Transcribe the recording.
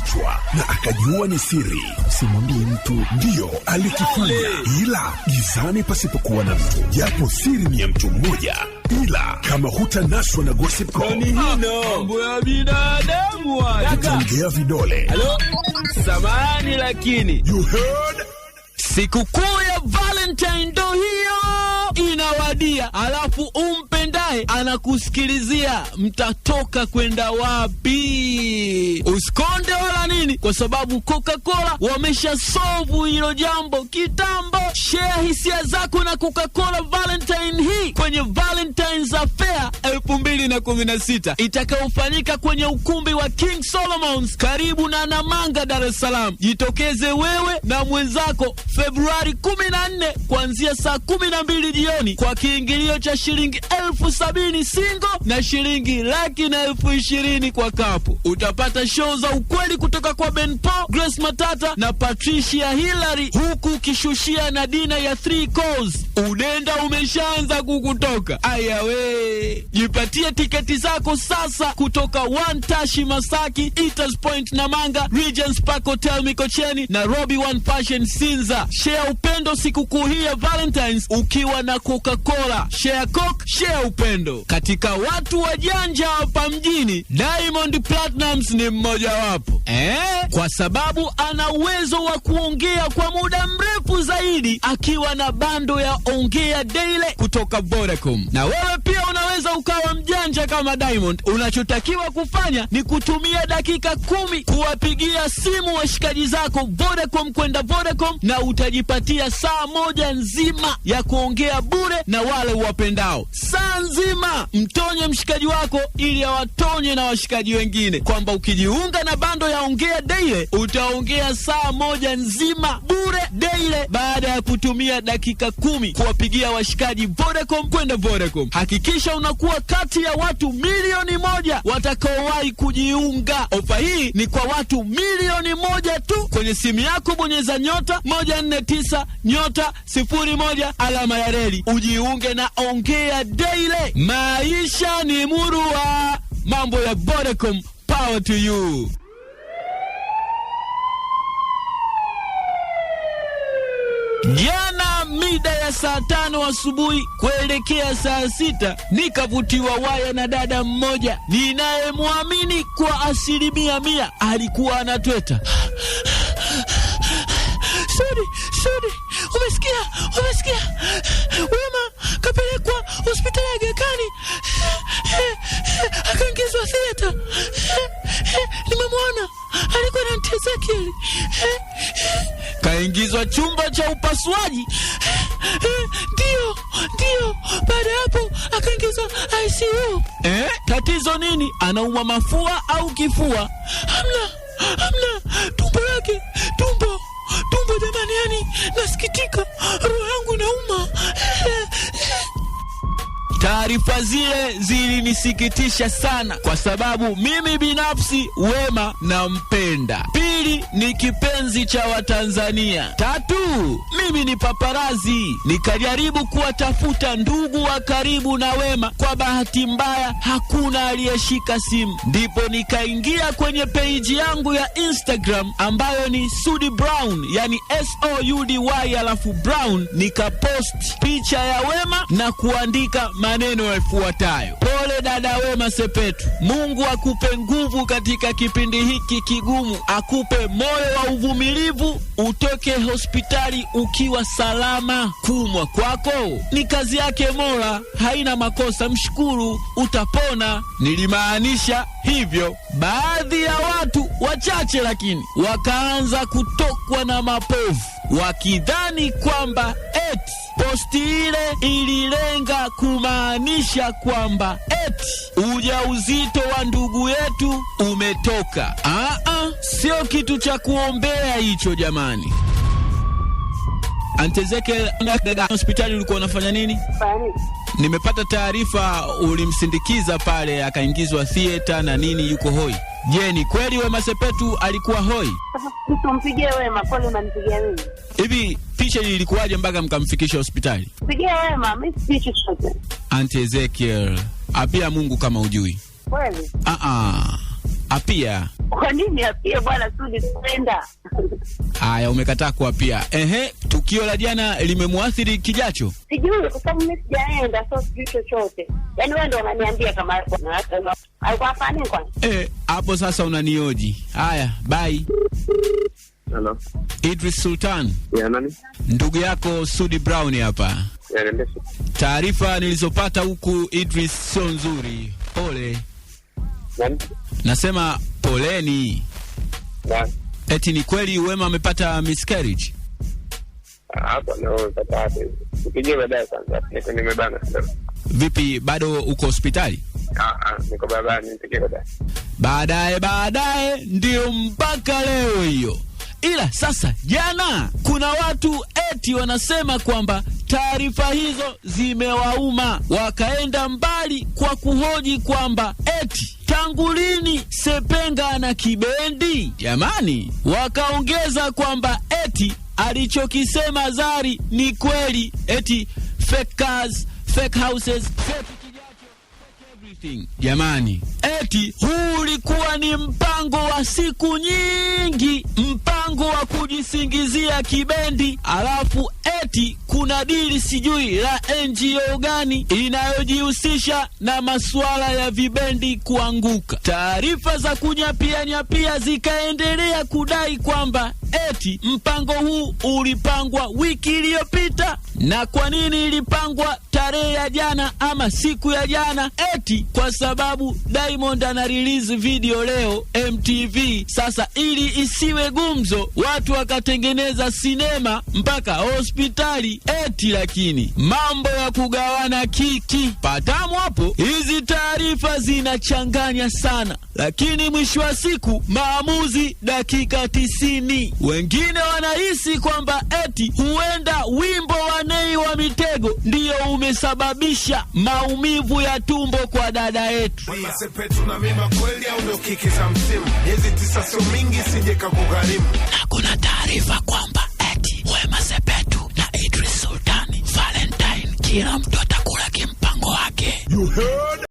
kichwa na akajua ni siri, simwambie mtu. Ndiyo alikifanya, ila gizani pasipokuwa na mtu, japo siri ni ya mtu mmoja, ila kama hutanaswa na Gossip Call vidole. Samani, lakini sikukuu ya Valentine ndo hiyo inawadia, alafu umpendaye anakusikilizia, mtatoka kwenda wapi? Usikonde wala nini, kwa sababu Coca-Cola wamesha sovu hilo jambo kitambo. Share hisia zako na Coca-Cola Valentine hii kwenye Valentine's Affair 2016 itakayofanyika kwenye ukumbi wa King Solomons karibu na Namanga, Dar es Salaam. Jitokeze wewe na mwenzako Februari 14 kuanzia saa 12 milioni kwa kiingilio cha shilingi elfu sabini singo na shilingi laki na elfu ishirini kwa kapu. Utapata show za ukweli kutoka kwa Ben Paul, Grace Matata na Patricia Hillary, huku ukishushia na dina ya three course. Unenda umeshaanza kukutoka. Aya we, jipatie tiketi zako sasa kutoka One Tashi Masaki, Eaters Point na Manga, Regents Park Hotel Mikocheni na Robi One Fashion Sinza. Share upendo sikukuu hii ya Valentines ukiwa na na Coca-Cola. Share Coke, share upendo. Katika watu wajanja hapa mjini, Diamond Platnumz ni mmojawapo eh, kwa sababu ana uwezo wa kuongea kwa muda mrefu zaidi akiwa na bando ya Ongea Daily kutoka Vodacom, na wewe pia unaweza ukawa mjanja kama Diamond. Unachotakiwa kufanya ni kutumia dakika kumi kuwapigia simu washikaji zako Vodacom kwenda Vodacom, na utajipatia saa moja nzima ya kuongea bure na wale uwapendao. Saa nzima mtonye mshikaji wako ili awatonye na washikaji wengine, kwamba ukijiunga na bando ya Ongea Daily utaongea saa moja nzima bure daily, baada ya kutumia dakika kumi kuwapigia washikaji Vodacom kwenda Vodacom. Hakikisha unakuwa kati ya watu milioni moja watakaowahi kujiunga. Ofa hii ni kwa watu milioni moja tu. Kwenye simu yako bonyeza nyota moja nne tisa nyota sifuri moja alama ya reli ujiunge na Ongea Daily. Maisha ni murua. Mambo ya Vodacom, power to you. Jana mida ya saa tano asubuhi kuelekea saa sita nikavutiwa waya na dada mmoja ninayemwamini kwa asilimia mia. Alikuwa anatweta Sudi, Sudi, umesikia? Umesikia? Wema kapelekwa hospitali ya Gekani akaingizwa theta. Nimemwona, alikuwa na mtezakili Akaingizwa chumba cha upasuaji. Ndio, ndio. Baada ya hapo akaingizwa ICU. Eh, tatizo nini? Anauma mafua au kifua? Hamna, hamna. Tumbo yake tumbo, tumbo jamani, yani nasikitika. roho Taarifa zile zilinisikitisha sana, kwa sababu mimi binafsi Wema nampenda. Pili, ni kipenzi cha Watanzania. Tatu, mimi ni paparazi, nikajaribu kuwatafuta ndugu wa karibu na Wema. Kwa bahati mbaya, hakuna aliyeshika simu, ndipo nikaingia kwenye peiji yangu ya Instagram ambayo ni Sudi Brown, yani S alafu Brown, nikapost picha ya Wema na kuandika ma maneno yafuatayo: pole dada Wema Sepetu, Mungu akupe nguvu katika kipindi hiki kigumu, akupe moyo wa uvumilivu, utoke hospitali ukiwa salama. Kumwa kwako ni kazi yake Mola, haina makosa, mshukuru, utapona. Nilimaanisha hivyo. Baadhi ya watu wachache lakini wakaanza kutokwa na mapovu wakidhani kwamba eti posti ile ililenga kumaanisha kwamba eti ujauzito wa ndugu yetu umetoka. Aa, sio kitu cha kuombea hicho jamani. Antezeke, hospitali ulikuwa unafanya nini? Nimepata taarifa ulimsindikiza pale akaingizwa theater na nini, yuko hoi. Je, ni kweli Wema Sepetu alikuwa hoi? Tumpigie Wema, kwani unanipigia mimi. Hivi picha ilikuwaje mpaka mkamfikisha hospitali? Pigia Wema, mimi sijui chochote. Aunt Ezekiel, apia Mungu kama ujui. Kweli? Ah ah. Apia. Kwa nini apia bwana Sudi tupenda? Haya umekataa kuapia. Ehe, tukio la jana limemwathiri kijacho? Sijui kwa sababu mimi sijaenda so sijui chochote. Yaani wewe ndio unaniambia kama alikuwa afanye kwani? Eh, hapo sasa unanioji. Haya, bye. Hello. Idris Sultan. Ya nani? Ndugu yako Sudi Brown hapa. Ya taarifa nilizopata huku Idris sio nzuri. Pole. Nani? Nasema poleni. Nani? Eti ni kweli Wema amepata miscarriage? Hapo ndio amepata hapo. Ukije baadaye kwanza. Niko nimebana Vipi bado uko hospitali? Ah, ah Niko babani, baadaye baadaye ndio mpaka leo hiyo Ila sasa jana, kuna watu eti wanasema kwamba taarifa hizo zimewauma, wakaenda mbali kwa kuhoji kwamba eti tangu lini Sepenga na Kibendi jamani? Wakaongeza kwamba eti alichokisema Zari ni kweli, eti fake cars, fake houses, fake Jamani, eti huu ulikuwa ni mpango wa siku nyingi. Mm singizia kibendi alafu eti kuna dili sijui la NGO gani inayojihusisha na masuala ya vibendi kuanguka. Taarifa za kunyapianyapia zikaendelea kudai kwamba eti mpango huu ulipangwa wiki iliyopita. Na kwa nini ilipangwa tarehe ya jana ama siku ya jana? Eti kwa sababu Diamond ana release video leo MTV. Sasa ili isiwe gumzo, watu wakatengeneza sinema mpaka host hospitali eti, lakini mambo ya kugawana kiki patamu hapo. Hizi taarifa zinachanganya sana, lakini mwisho wa siku maamuzi dakika tisini. Wengine wanahisi kwamba eti huenda wimbo wa Nei wa Mitego ndiyo umesababisha maumivu ya tumbo kwa dada yetu. Hakuna taarifa kwamba kila mtu atakula kimpango wake.